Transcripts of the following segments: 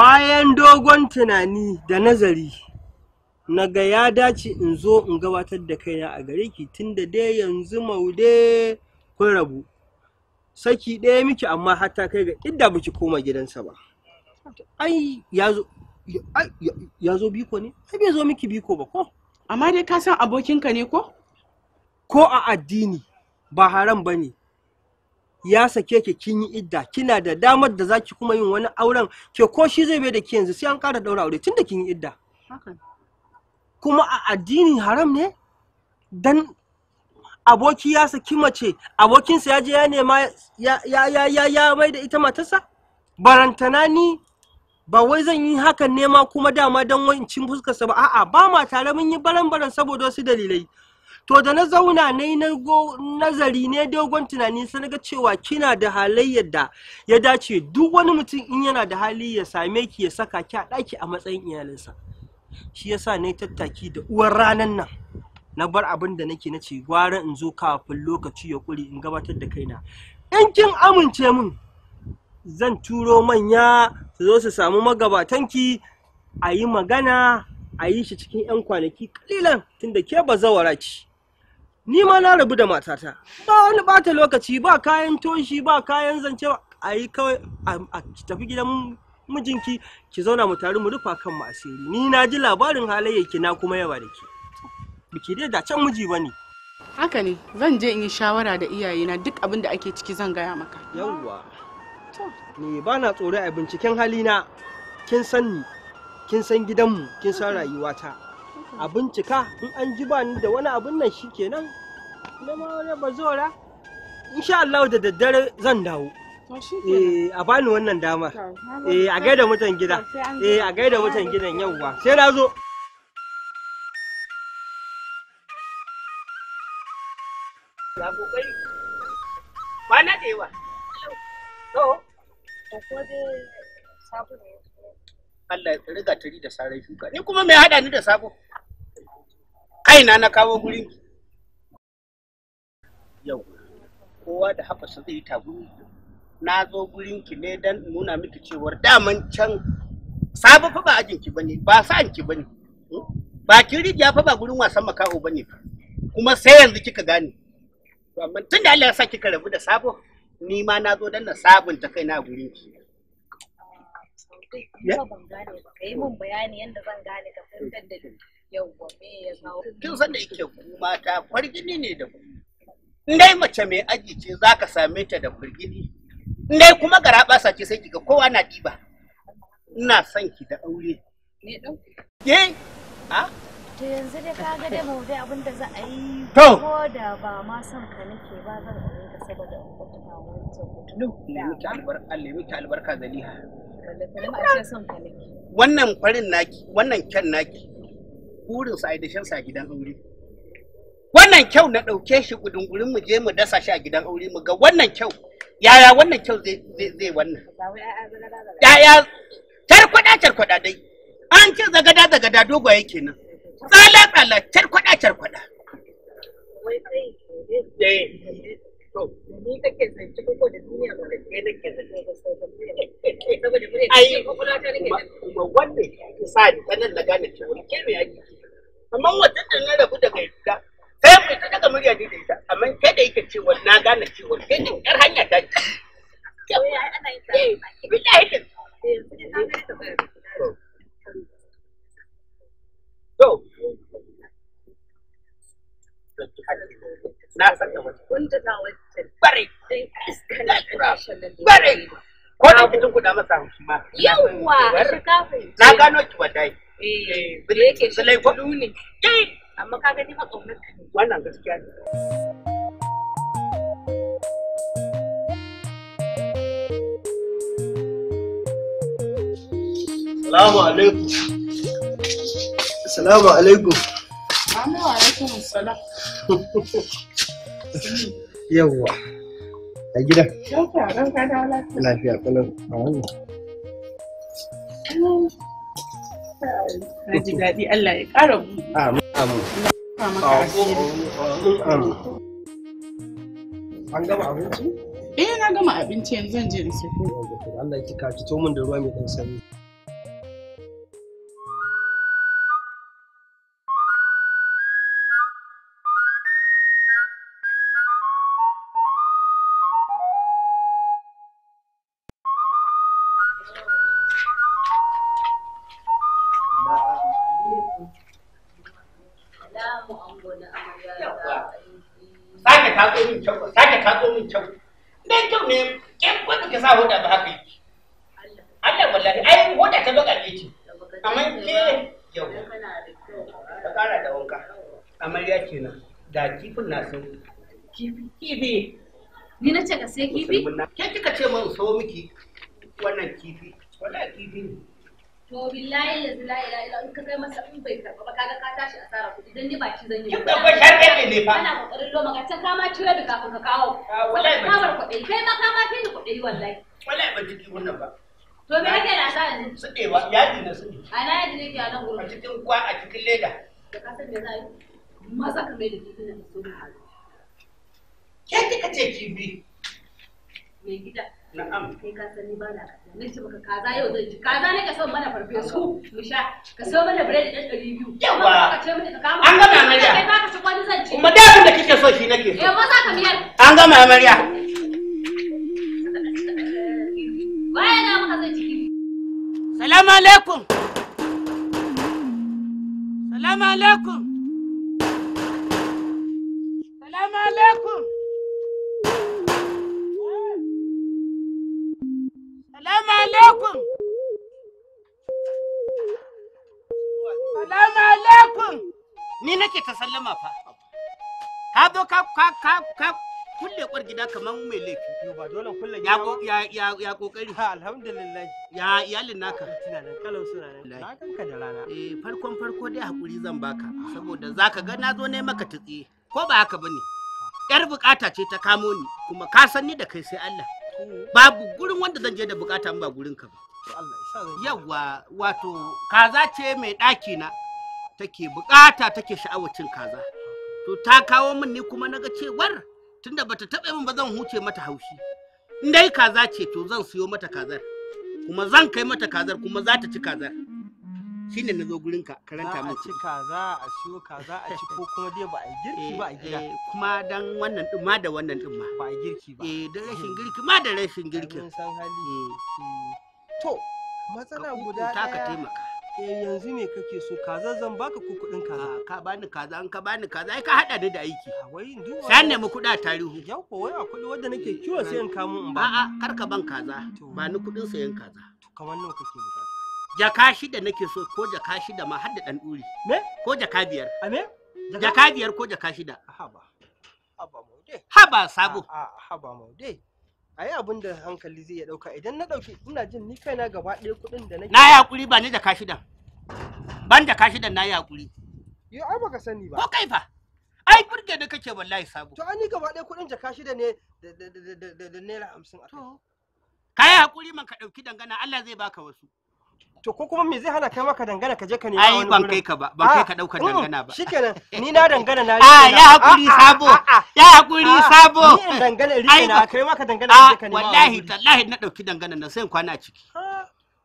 Bayan dogon tunani da nazari, na ga ya dace in zo in gabatar da kaina a gare ki tunda dai yanzu maude kun rabu. Saki ɗaya miki amma har ta kai ga idda miki koma gidansa ba. Ai ya zo ya zo biko ne? Ai bai zo miki biko ba ko? Amma dai ka san abokinka ne ko? Ko a addini ba haram ba ne, ya sake ki kin yi idda kina da damar da zaki kuma yin wani auren ke ko shi zai bai da ki yanzu sai an ƙara daura aure tunda kin yi idda kuma a addini haram ne dan aboki ya saki mace abokinsa ya je ya nema ya ya ya ya mai da ita matarsa barantana ni ba wai zan yi hakan nema kuma dama don wancin fuskarsa ba a'a ba ma tare mun yi baran baran saboda wasu dalilai to da na zauna na yi nazari ne dogon tunani sai ga cewa kina da halayyar da ya dace duk wani mutum in yana da hali ya same ki ya saka ki a ɗaki a matsayin iyalinsa shi yasa na yi tattaki da uwar ranan nan na bar abin da nake na ce gwara in zo kafin lokaci ya kuri in gabatar da kaina in kin amince min zan turo manya su zo su samu magabatanki a yi magana a yi shi cikin 'yan kwanaki kalilan tunda ke ba zawara ce ni ma na rabu da matata ba wani bata lokaci ba kayan toshi ba kayan zance a yi kawai a tafi gidan mijinki ki zauna mu tare mu rufa kan mu asiri ni na ji labarin ki na kuma yawa da ke biki dai da can miji bane haka ne zan je in yi shawara da iyayena duk abin da ake ciki zan gaya maka yawwa ni ba na tsoro a binciken halina kin san ni kin san gidanmu kin san rayuwata a bincika in an ji ba ni da wani abun nan shikenan na ma wani bazora insha Allah da daddare zan dawo Eh a bani wannan dama. Eh a gaida mutan gida. Eh a gaida mutan gidan yauwa. Sai na zo. Ba na da To. Allah ya riga tari da sarai shuka. Ni kuma me hada ni da sabo? aina na kawo gurin yau kowa da haka su zai ta guri na zo gurin ki ne dan nuna miki cewar daman can sabu fa ba ajin ki bane ba sa ki bane ba ki rijiya fa ba gurin wasan makao bane kuma sai yanzu kika gane to amma tun da Allah ya sa kika rabu da sabo ni ma na zo dan na sabunta kai na gurin ki ban gane ba kai mun bayani yanda zan gane ka fahimtar da ni Yawwa me ya kawo. Kin san da yake ku mata kwargini ne da ku. In dai mace mai aji ce za ka same ta da kwargini. In dai kuma garaɓasa ce sai kiga kowa na diba. Ina son ki da aure. Me ɗau? Ye? A? To yanzu dai ka ga dai mawudai abin da za a yi. Ko da ba ma son ka nake ba zan aure ka saboda in ka tuna ta albarka, lemu ta Wannan farin naki, wannan kyan naki, burin sa dashen sa gidan aure wannan kyau na ɗauke shi gudungurin mu je mu dasa shi a gidan aure mu ga wannan kyau yaya wannan kyau zai zai wannan yaya tarkwada tarkwada dai an ce zagada zagada dogaye kenan tsala tsala tarkwada tarkwada eh. Ai, kuma wannan ya sa ni ta nan na gane cewa ke me ake kamar wata da na rabu daga ita sai mu ta daga murya da ita amma kai da yake cewa na gane cewa kai din yar hanya ta ce eh, to na san da wata wanda na wata bare bare ko da masa yawwa na gano eh bare yake ne amma ka gani fa kaunar ka wannan gaskiya ne Salamu alaikum. Salamu alaikum. alaikum salam. Yawwa. A gida. lafiya. Lafiya, kalau. Na daɗi Allah ya ƙara buɗe. Amin. Amin. An gama abinci? Eh na gama abinci yanzu zan je da sako. Allah ya kika fito min da ruwa mai ɗan sanyi. kunna sun kifi ni na ce ka sai kifi ke kika ce mun so miki wannan kifi wallahi kifi ne to billahi yanzu la ilaha illa in ka kai masa in bai karba ba kaga ka tashi asara kuɗi idan ni ba ki zan yi ba ba sharɗe ne fa ana kokarin loma ka can ka ma cire da kafin ka kawo ah, wallahi ka bar kuɗi kai ma ka ma kai ni kuɗi wallahi wallahi ban ji wannan ba to me yake na sa yanzu suɗewa yaji na suɗe ana yaji ne ke a nan gurin a cikin kwa a cikin leda da ka san me maza ka mai da da so da ke kika ce mai gida na'am kai ka sani ba ce kaza yau zan kaza ne ka mu sha ka mana ɗari biyu yawa ka ce ka kama an gama amarya kai ba ka ci zan ci kuma da abin da kike so shi nake so eh, ka miyar an gama amarya na maka zan ci Salamu alaikum. Salamu alaikum. alaikum salamu alaikum ni nake ta sallama fa ka zo ka ka ka kulle kwar gida kamar mai laifi yo ba dole kulle gida ya ya ya kokari ha alhamdulillah ya iyalin naka tunanin suna nan na kanka da rana eh farkon farko dai hakuri zan baka saboda zaka ga na zo ne maka tutsi ko ba haka bane yar bukata ce ta kamo ni kuma ka san ni da kai sai Allah babu gurin wanda zan je da bukata ba gurin ka ba yawa wato kaza ce mai ɗaki na take bukata take sha'awacin kaza to ta kawo min ni kuma naga cewar tunda bata taɓa min ba zan huce mata haushi in dai kaza ce to zan siyo mata kazar kuma zan kai mata kazar kuma za ta ci kazar shi ne na zo gurin ka karanta mu. Za a ci kaza a ci kaza a ci ko kuma dai ba a girki ba a gida. Eh, kuma dan wannan din ma da wannan din ma. Ba a girki ba. Eh da rashin girki ma da rashin girki. Mm. Eh, to matsala guda ɗaya. Ka taimaka. Eh yanzu me kake so kaza zan baka ku kuɗin kaza. Ah, ka bani kaza an ka bani kaza ai ka hada ni da aiki. Ah, wai duwa. Sai nemi kuɗi a tarihu. Yau ko wai akwai wanda nake kiwon sai in kamo in ba. A'a kar ka ban kaza. Ba ni kuɗin sayan kaza. To kamar nawa kake buƙata? jaka shida nake so ko jaka shida ma har da dan duri me ko jaka biyar a me jaka biyar ko jaka shida haba haba maude haba sabo haba maude ai abin da hankali zai ya dauka idan na dauki ina jin ni kaina gaba ɗaya kuɗin da nake na yi hakuri ba ni jaka shida ban jaka shida na yi hakuri yo ai baka sani ba ko kai fa ai burge da kake wallahi sabo to ani gaba ɗaya kuɗin jaka shida ne da da da da naira 50 a kai ka yi hakuri man ka dauki dangana Allah zai baka wasu to ko kuma me zai hana kai maka dangana ka je ka nema wani ban kai ka ba ban kai ka dauka ah, mm, dangana ba shikenan ni na dangana na ah, a ya hakuri ah, sabo ya hakuri sabo ni dangana rike na kai maka dangana ka je ka nema wallahi tallahi na dauki dangana na sai kwana ciki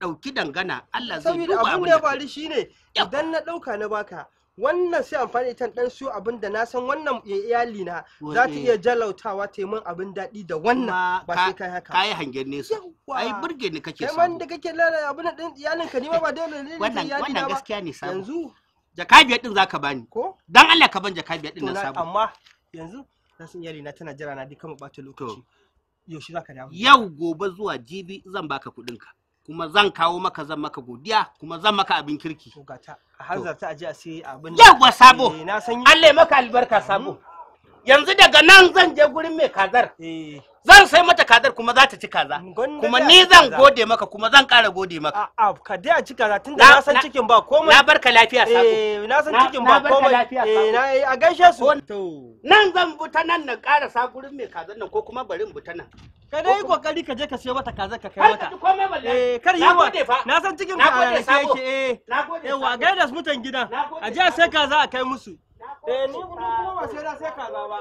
dauki dangana Allah zai duba abin da ya faru shine idan na dauka na baka wannan sai amfani ita dan siyo abin da na san wannan iyali na za ta iya eh. jalautawa ta yi min abin daɗi da wannan ba sai kai haka kai hangen nesa ai burge ni kake samu kai da kake lalle abin din iyalin ka ni ma ba dole ne wannan wannan gaskiya ne sabu yanzu jaka biyar din zaka bani ko dan Allah ka ban jaka biyar din nan sabu amma yanzu na san iyali na tana jira na duka mu bata lokaci shi zaka dawo yau gobe zuwa jibi zan baka kuɗin ka kuma zan kawo maka zan maka godiya kuma zan maka abin kirki. Har zarta aje a sai abin. sabo. Eh, Allah maka albarka sabo. yanzu daga nan zan je gurin mai kazar eh. zan sai mata kazar kuma za ta ci kaza kuma ni zan gode maka kuma zan kara gode maka a ka dai a ci kaza tunda na san cikin ba komai na barka lafiya sako eh na san cikin ba komai eh na a gaishe su nan zan buta nan na kara sa gurin mai kazar nan ko kuma bari buta nan ka dai kokari ka je ka sayo mata kazar ka kai mata eh kar yi wa na san cikin ba yake eh na gode yawa gaida mutan gidan a je sai kaza a kai musu Eh ni kuma sai na sai kaza ba.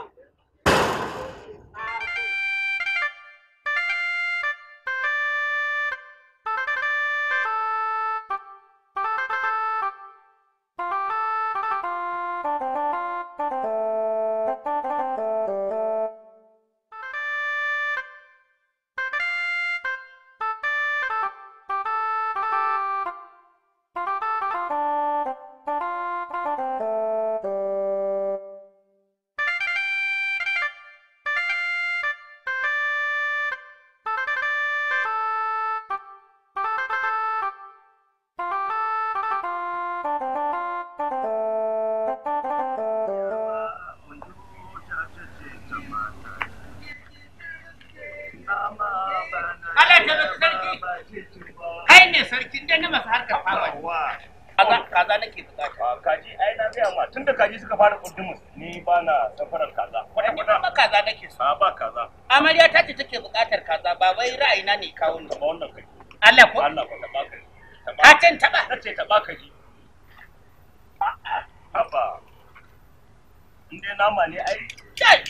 dai nama ne ai kai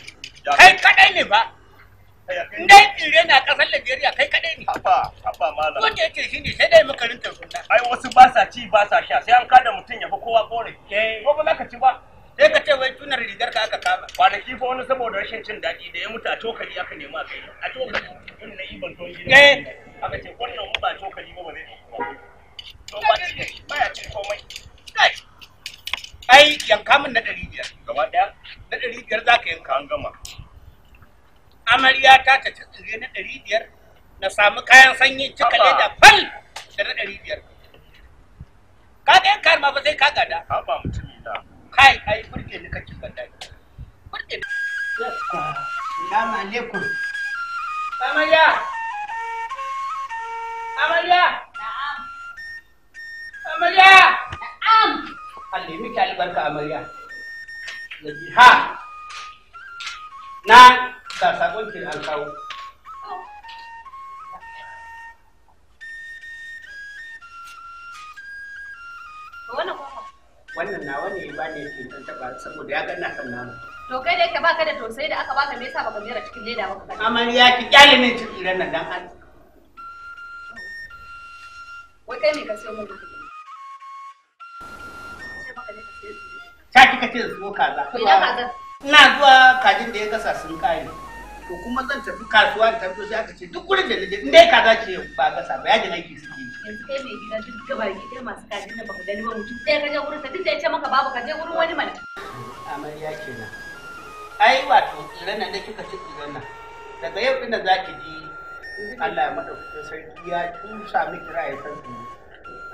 kaɗai ne ba in dai tsire na ƙasar Liberia kai kaɗai ne haba haba malam wanda yake shine sai dai muka rinta suna. ai wasu ba sa ci ba sa sha sai an kada mutum ya fi kowa kore eh. ko ba za ka ci ba sai ka ce wai tunar rigar ka aka kama kwanaki fa wani saboda rashin cin daɗi da ya mutu a cokali aka nemi a kai a cokali tun na iban ton gida eh. aka ce wannan mu ba cokali ba ba zai ba to ba ne ba ya ce komai kai ai yanka min na ɗari biyar gaba ɗaya na ɗari biyar za ka yanka an gama amarya ta ta tsire na ɗari biyar na samu kayan sanyi cika leda fal da na ɗari biyar ka ga yanka ma ba sai ka gada haba mutum ina kai ai burge ni kake ban ni burge ni salamu alaikum amarya amarya na'am amarya na'am Allah miki albarka amarya ha na ka sakon ki an kawo wannan nawa ne ba ne ke ba saboda ya ganna kan namu to kai da yake baka da tausayi da aka baka me yasa baka mera cikin leda ba amarya ki kyale min cikin ran nan dan an wai kai ne ka siyo mun aka ce zo kaza ina zuwa kajin da ya gasa sun kare to kuma zan tafi kasuwa da tafi sai aka ce duk wurin da nake inda kaza ce ba gasa ba ya yajin aiki suke yanzu kai mai gida duk gaba gida masu kajin da baka gani ba mutum sai ka je wurin sa duk da ya ce maka babu ka je wurin wani mana amarya kenan ai wato tsiran nan da kika ci tsiran nan daga yau ina zaki ji Allah ya madaukakin sarki ya tusa miki ra'ayin sarki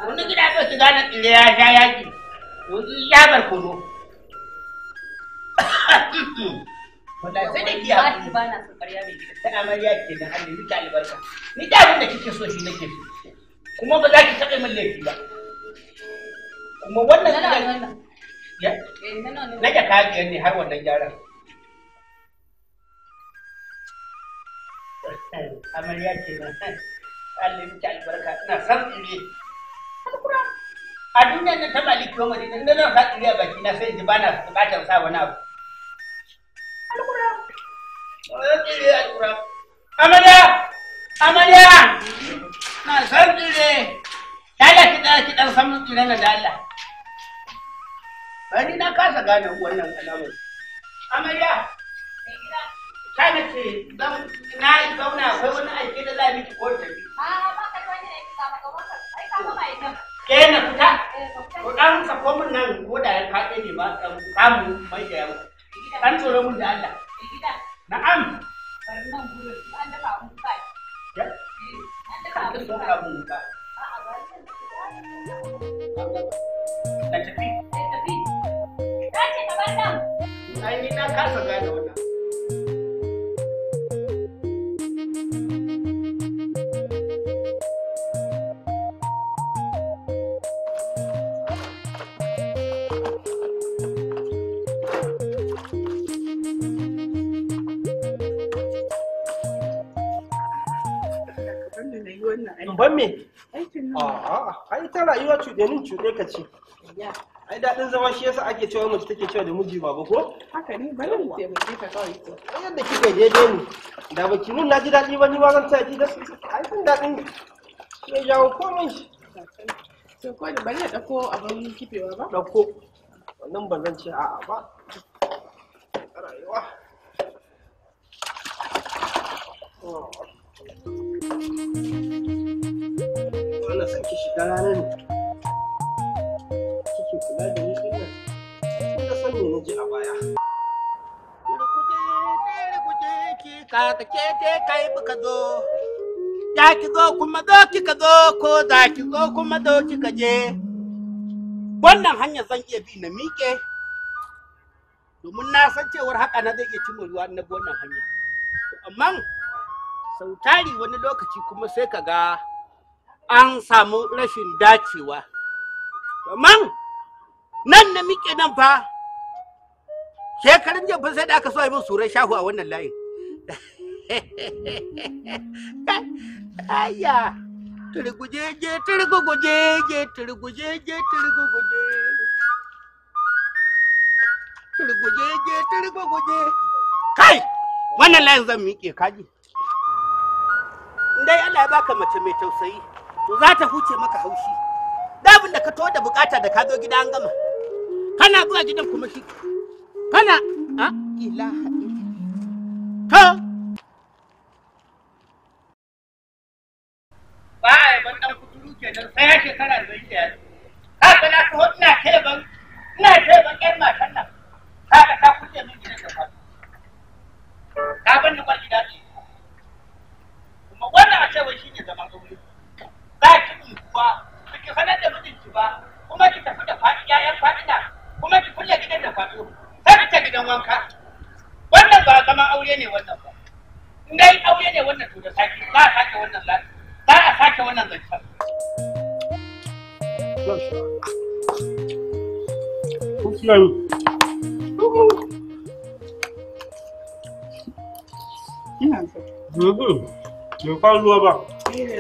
wani gida ɗauki gane tsire ya sha yaki yanzu ya barkono na ni da abin da kike so shi nake so. Kuma ba za ki taɓa min laifi ba. Kuma wannan Ya? Eh, ne har wannan gyaran. Amarya ke Allah miki albarka ina san A duniya na ta maliki wa madina, ina a baki na sai ji ba na bukatar sa wani abu. Amarya! Amarya! Na san tsire! Dala ki ɗan ki ɗan samun tsire na dala. Bari na kasa gane wannan alamar. Amarya! Ka na ce na yi zauna akwai wani aiki da za a miki ko tafi. ba ka da wani aiki ba ka wanka ai ka ba mai Ke na fita? Eh, ko ɗan sako min nan ko da ya kaɗe ne ba samu mai da yawa. Ɗan tsoro mun da Allah. Na'am. Bari nan gurin an dafa mun kai. Ya? An dafa mun kai. An dafa mun kai. A'a ba Na tafi. Ka tafi. Ka ce ka bar nan. Ai ni na kasa gane wannan. A'a, ai ta rayuwa nin cuɗe ka ce. Ai daɗin zama shi yasa ake cewa mace take cewa da miji ba ba ko? Haka ne, bari mu taimake ka kawai ko. Ai yadda kika daidai ne. Da baki ki nuna ji daɗi ba ni ma zan ta ji daɗi. Ai sun daɗin shi ya jawo komai shi. To ko da bari ya ɗauko abin kifewa ba? Ɗauko. Wannan ba zan ce a'a ba. Rayuwa. Oh. son ki shiga ranar kike kula da ni din nan da ga na ji a baya ka ta ke te kai buka zo ya ki zo kuma zo kika zo ko za ki zo kuma zo kika je wannan hanyar zan iya bi na miƙe domin na san cewar haka na zai iya cimma ruwa na bi wannan hanya amma Sautari wani lokaci kuma sai ka ga an samu rashin dacewa man nan da miƙe nan fa shekarun jiya fa sai da aka so yi min sura shahu a wannan layin aya turgujeje turgujeje turgujeje turgujeje turgujeje turgujeje kai wannan layin zan miƙe kaji dai Allah ya baka mace mai tausayi to za ta huce maka haushi dabin da ka to da bukata da ka zo gida an gama kana zuwa gidan kuma shi kana a ilaha to ba a ban dan kuturu kenan sai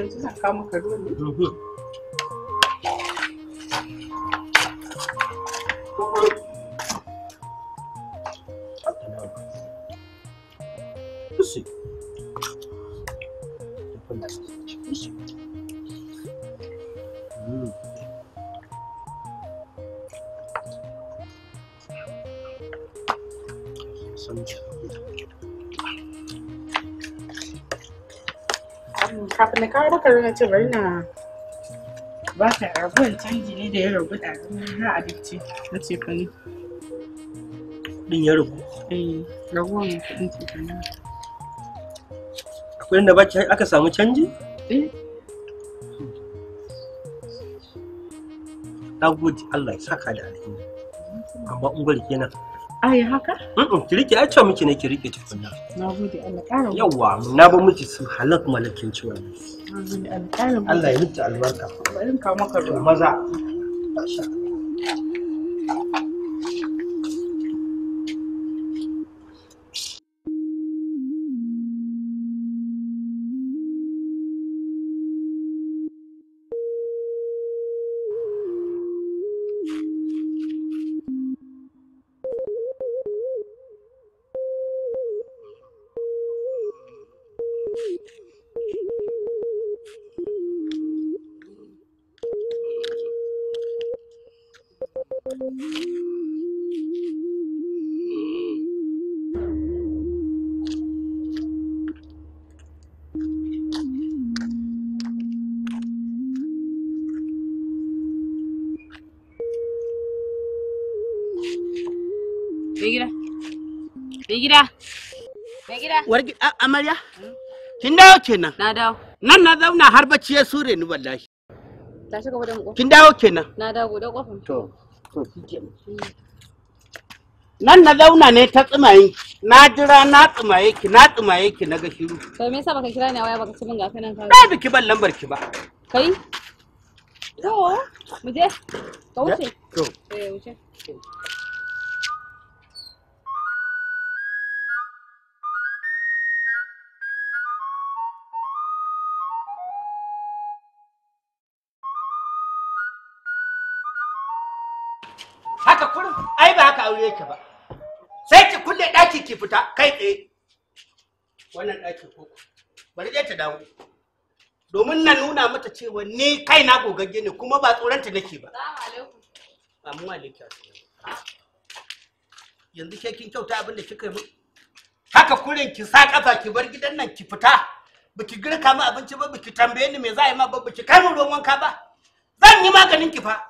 yanzu zan kawo maka roli na kawo maka rana ce bari na ba ta rabuwan canji ne da ya rabu da na abinci na ce fani din ya rabu eh rabuwan kudin ce fani akwai inda ba aka samu canji eh na gode Allah ya saka da alheri amma ungwar kenan Ai haka? Ki rike ai ce miki ne ki rike tukunna. Na gode Allah Yawwa na ba miki su halak malakin ciwon. Na gode Allah Allah ya miki albarka. Bari in Maza. Masha mm-hmm. gida. amarya? Kin dawo kenan. Nan na zauna har bacci ya sure ni wallahi. Ta shiga kenan. Nan na zauna ne ta tsimaye. Na jira na tsimaye ki na tsumaye ki na ga To me yasa baka kira ni a waya baka ci min gafi nan ka. Ba biki ban lambar ki ba. Kai? Mu je. Ka wuce. To. Eh wuce. ai ba haka aure yake ba sai ki kulle daki ki fita kai tsaye wannan daki ko bari je ta dawo domin na nuna mata cewa ni kai na gogagge ne kuma ba tsoranta nake ba amma alaikum yanzu ke kin kyauta abin da kika yi mu haka kurin ki sa kafa ki bar gidan nan ki fita biki girka mu abinci ba biki tambaye ni me za a yi ma ba biki kai mu ruwan wanka ba zan yi maganin ki fa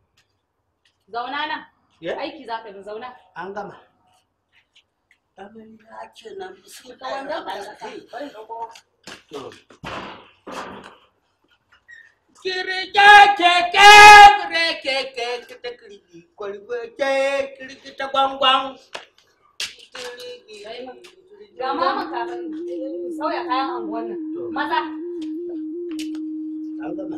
zauna nan eh? aiki za ka zauna an gama abin ya ce na bisu ta wanda ba ta kai kirja keke bire keke kita kirji kwalba ke kirji ta gwangwan ga mama kafin sauya kayan anguwan nan maza an gama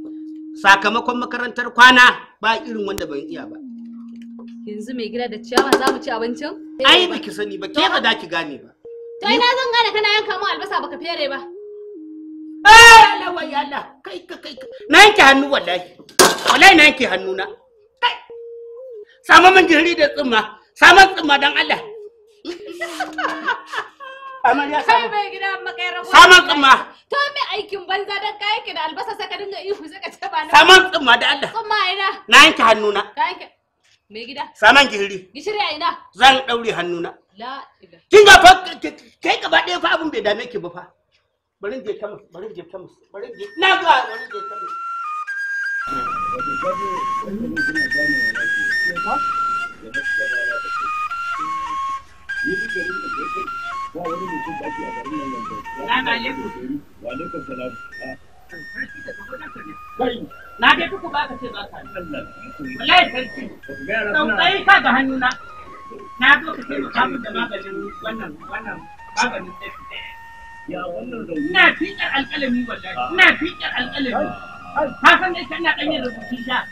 sakamakon makarantar kwana ba irin wanda ban iya ba yanzu mai gida da ciyawa za mu ci abincin ai ba ki sani ba ke ba da ki gane ba to ina zan gane kana yanka mu albasa baka fere ba eh lawa yalla kai ka kai na yanke hannu wallahi wallahi na yanke hannu na kai sama min jiri da tsumma saman tsumma dan Allah amarya sama kai mai gida makayar saman tsumma To me aikin banza dan ka yake da albasa saka dinga ihu sai cika ba na. Saman tsumma da Na yanke hannuna. Saman gihiri. a Zan daure hannuna. La ilaha. fa kai gaba fa abun bai dame ki ba wani mutum da ake a garin nan yanzu salamu alaikum wa alaikum salam na dai duku ba ka ce ba ka wallahi sarki sauƙayi ka ga hannuna na zo ka taimaka min da maganin wannan wannan maganin sai Ina fiƙar alƙalami wallahi, ina fiƙar alƙalami. Ka san dai kana ɗan yin rubutu sha.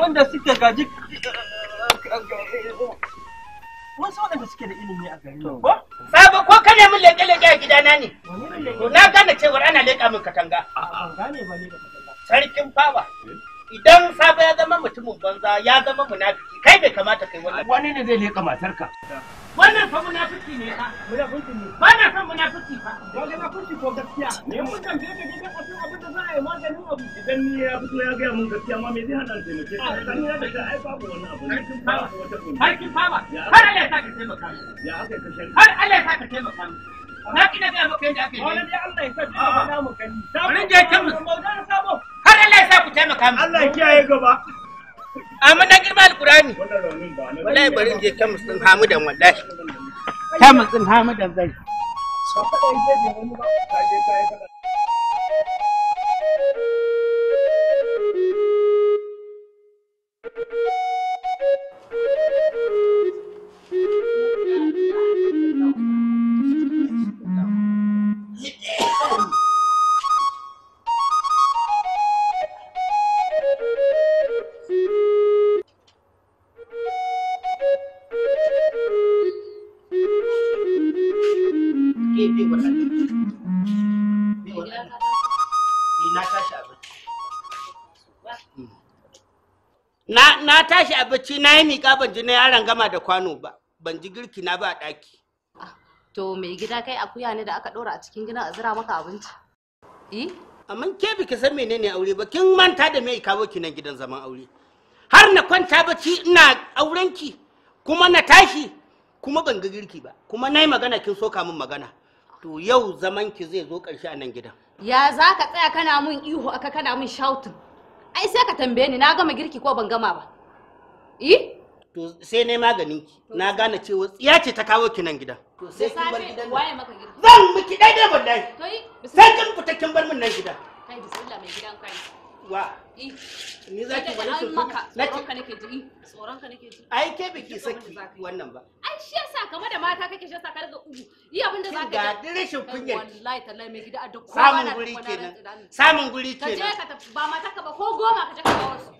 Wanda suka gaji eh, eh, eh, mun so da suke da ilimi a garin nan ko sabo ko ka nemi leke leke a gidana ne na gane cewar ana leka min katanga sarkin fawa eh? idan sabo ya zama mutumin banza ya zama munafiki kai bai kamata kai wannan wani ne zai leka matarka wannan fa munafiki ne fa munafiki ne ba na san munafiki fa dole na ko gaskiya ne mun tambaye idan ni ya fito ya gaya mun gaskiya ma me zai hana ni taimake ka da ai babu wani abu ne kin fama wata kun har kin fama har Allah ya sa ka taimaka ya haka ka har Allah ya sa ka taimaka na kina ga maka ake Allah ya sa ka fada mu kan bari je kan mu har Allah ya sa ku taimaka mu Allah ya kiyaye gaba amma na girma alkurani wallahi bari je kan musulun hamidan wallahi kan musulun hamidan zai so je ka Thank you. tashi a bacci na yi miƙa ban ji na yaron gama da kwano ba ban ji girki na ba a ɗaki. To mai gida kai akuya ne da aka ɗora a cikin gidan a zira maka abinci? Eh? Amma ke ka san menene aure ba kin manta da me kawo ki nan gidan zaman aure. Har na kwanta bacci ina aurenki kuma na tashi kuma ban ga girki ba kuma na yi magana kin soka min magana. To yau zaman ki zai zo ƙarshe a nan gidan. Ya za ka tsaya kana mun ihu aka kana mun shouting. Ai sai ka tambaye ni na gama girki ko ban gama ba. eh to sai ne magani ki na gane cewa tsiya ce ta kawo ki nan gida to sai kin bar gidan waye maka gida zan miki dai daidai wallahi to yi. sai kin fita kin bar min nan gida kai bismillah mai gidan kai wa eh. ni za ki wani sun na ki ka nake ji eh. tsoron ka nake ji ai ke biki saki wannan ba ai shi yasa kamar da mata kake shi yasa ka riga ugu yi abin da zaka ga din rashin kunya wallahi tallahi mai gida a duk samun guri kenan samun guri kenan ka je ka ba mata ka ba ko goma ka je ka ba wasu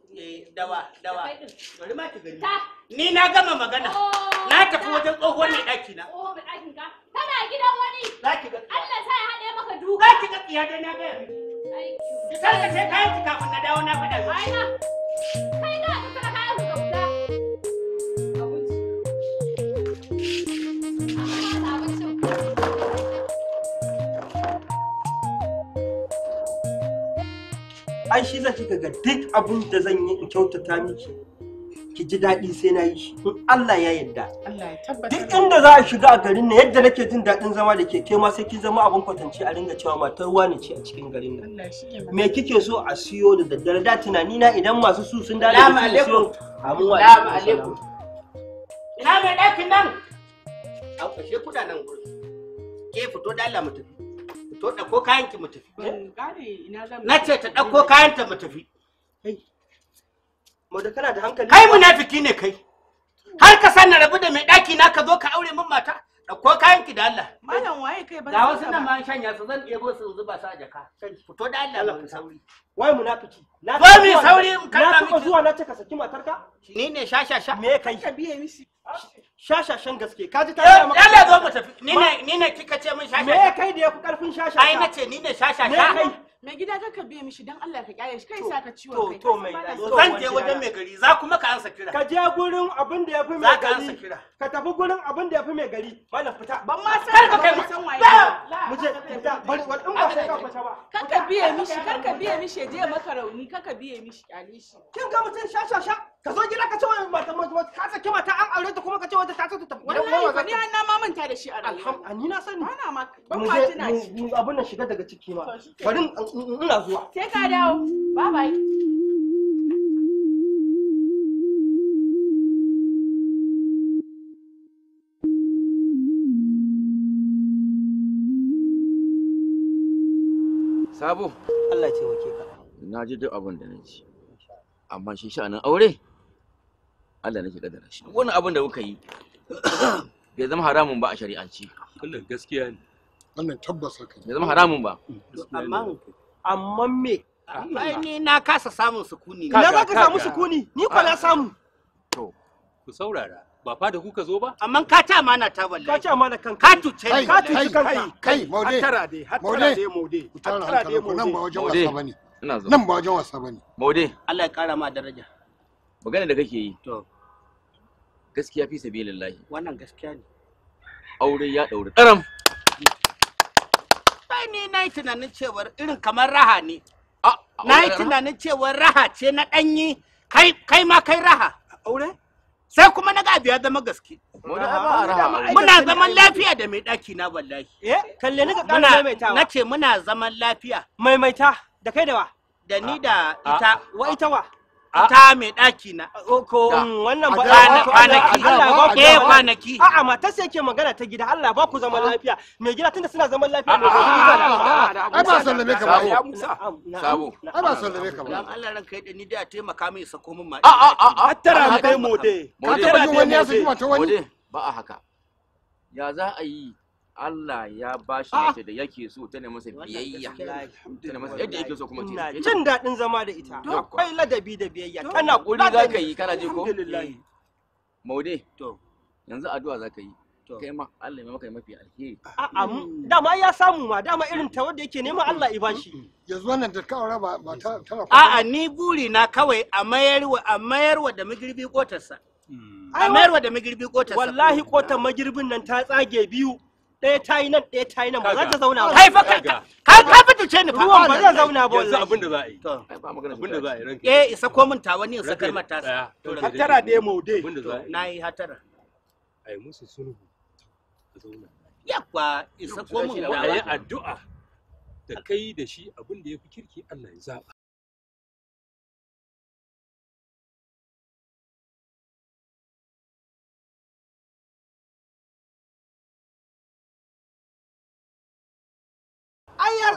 Eh, dawa dawa bari ma ki gani ni na gama magana oh, na tafi wajen tsohon mai daki na tsohon mai daki ka kana gidan wani zaki ga Allah sai ya haɗe maka duka zaki ga tsiya dai na ga ki sarka sai kayan ki kafin na dawo na fada ai na ai shi zaki ga duk abin da zan yi in kyautata miki ki ji daɗi sai na yi shi in Allah ya yarda duk inda za a shiga a garin nan yadda nake jin daɗin zama da ke ke ma sai ki zama abin kwatance a ringa cewa matar wani ce a cikin garin nan me kike so a siyo da daddare da tunani na idan masu su sun dade da su siyo amin wa alaikum ina mai ɗakin nan a kashe kuɗa nan gurin ke fito da Allah mutum To ɗauko kayan Na ce ta ɗauko kayan ta mu tafi. Kai munafiki ne kai. Har ka san na rabu da mai ɗaki na ka zo ka aure min mata. Ko kayan ki da Allah. Malam waye kai ba. Ga wasu nan ma shanya su zan ɗebo su zuba su a jaka. Fito da Allah mun sauri. Wai munafiki. Na ko mi sauri in kan na zuwa na saki matarka? Ni ne shashasha. Me kai? Shashashan gaske. Ka ji ta yi maka. Yalla zo mu tafi. Ni ne ni ne kika ce min shashasha. Me kai da yafi karfin shashasha? Ai nace ni ne shashasha. mai gida ka ka biye mishi dan Allah ka kyale shi kai sa ka ciwon kai to mai zan je wajen mai gari za kuma ka ansa kira ka je gurin abin da yafi mai gari ka tafi gurin abin da yafi mai gari mallam fita ban ma san ka kai san waye mu je fita bari wadin ba sai ka fita ba kar ka biye mishi kar ka biye mishi je maka rauni kar ka biye mishi kyale shi kin ga mutun shashasha ka zo gida ka ce wani mata mata ka sake mata an aure ta kuma ka ce wata ta tafi wani wani ba ni na mamanta manta da shi a alhamdulillah ni na sani ana ma ban ma tuna shi abin nan shiga daga ciki ma bari ina zuwa sai ka dawo bye bye Sabo. Allah ce wake ka. Na ji duk abin da na ji. Amma shi sha'anin aure. Allah nake kadara shi wannan abin da kuka yi bai zama haramun ba a shari'anci wannan gaskiya ne wannan tabbas haka bai zama haramun ba amma amma me ai ni na kasa samun sukuni ne na ka samu sukuni ni ko na ah. samu to ku saurara ba fa da kuka zo ba amma ka ta amana ta balle ka ta amana kan ka ce ka ce kan kai kai maude hattara dai hattara dai maude hattara dai maude nan ba wajen wasa bane ina zo nan ba wajen wasa bane maude Allah ya kara ma daraja magana da kake yi to gaskiya fi sabilillahi wannan gaskiya ne aure ya dauri karam ai ni na yi tunanin cewar irin kamar raha ne na yi tunanin cewar raha ce na danyi kai ma kai raha aure sai kuma na gabi ya zama gaske. Muna zaman lafiya da mai daki na wallahi. Eh? Kalle ni ka kana maimaitawa. Na ce muna zaman lafiya. Maimaita da kai da wa? Da ni da ita. Wa ita wa? ta mai daki na ko wannan ba kwanaki Allah ba ke kwanaki a'a mata sai ke magana ta gida Allah ba ku zaman lafiya mai gida tunda suna zaman lafiya ne ai ba sallame ka ba sabo ai ba sallame ka ba dan Allah ranka yadda ni da taimaka mai sako min ma a a a tara kai mode ka tara wani ya saki mata wani ba a haka ya za a yi Allah ya ba shi ah! mace da yake so tana masa biyayya tana masa yadda yake so kuma ta jin daɗin zama da ita akwai ladabi da biyayya kana kuri za ka yi kana je ko eh. maude to yanzu addu'a za ka yi kai ma Allah ya maka mafi alheri a'a dama ya samu ma dama irin ta wanda yake nema Allah ya bashi yanzu wannan da ka aura ba ba ta tana a'a ni buri na kawai a mayarwa a mayarwa da magirbi kotarsa hmm. a mayarwa da magirbi kotarsa wallahi kotar magirbin nan ta tsage biyu ɗaya ta yi nan ɗaya ta yi nan ba za ta zauna ba kai fa ka ka fitace ni ruwan ba zai zauna ba Yanzu abin da za a yi abin da za a yi eh isa ko mun tawa ni in sakar matasa. hatara da maude nayi hatara ai musu sulhu yakwa isa ko mun da addu'a da kai da shi abin da ya fi kirki Allah ya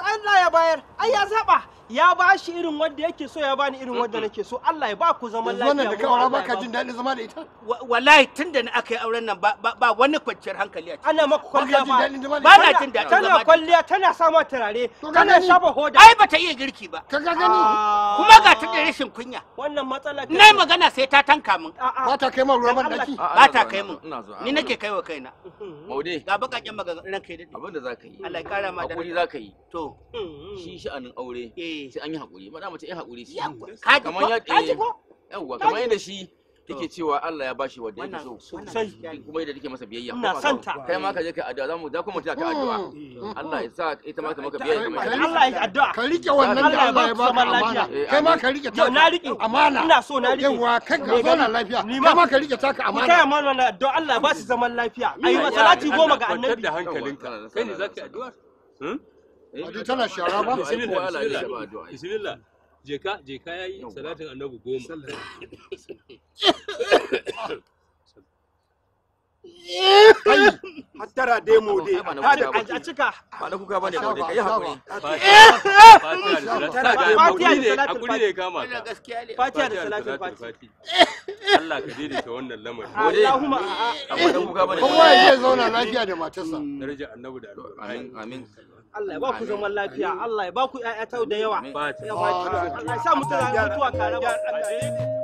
Allah ya bayar ai ya saba ya ba shi irin wanda yake so ya ba ni irin wanda nake so Allah ya ba ku zaman lafiya wannan da ka aura baka jin daɗin zama da ita wallahi tunda ni aka yi auren nan ba wani kwanciyar hankali a Allah maka kwalliya ma ba na jin daɗin zama tana kwalliya tana sama turare tana shafa hoda ai bata iya girki ba kaga gani ah. kuma ga ta da rashin kunya wannan matsala ne magana sai ta tanka min ba ta kai min ruwan daki ba ta kai min ni nake kai wa kaina mhm. maude ga baka bakakken maganganun kai da abin da zaka yi Allah ya kara ma da hakuri zaka yi to mhm. shi sha'anin aure eh eh sai an yi hakuri maza mace eh shi kamar yawwa kamar yadda shi take cewa Allah ya bashi yake so kuma yadda take masa biyayya ina ta kai ma ka je ka addu'a zamu da kuma ta ka addu'a hmm. Allah ya sa ita ma ta maka biyayya kamar Allah ya addu'a ka rike wannan da Allah ya ka amana kai ma ka rike ta na rike amana ina so na rike yawa kai ka lafiya kai ma ka rike ta ka amana kai amana da addu'a Allah ya bashi zaman lafiya ayi masalati goma ga annabi da hankalinka kai ne zaka addu'a hmm? Eh, Aji tana shara ba? Bismillah, yayi salatin annabi goma. hattara dai mu dai a cika ba na kuka bane ba dai kai hakuri fatiha da hakuri ne kama fatiha da fatiha Allah ka ta wannan lamarin Allahumma a ba na kuka bane kowa ya zauna lafiya da matarsa daraja annabi da amin amin Allah ya ba ku zaman lafiya Allah ya ba ku ƴaƴa ta da yawa Allah ya sa mutuwa kare ba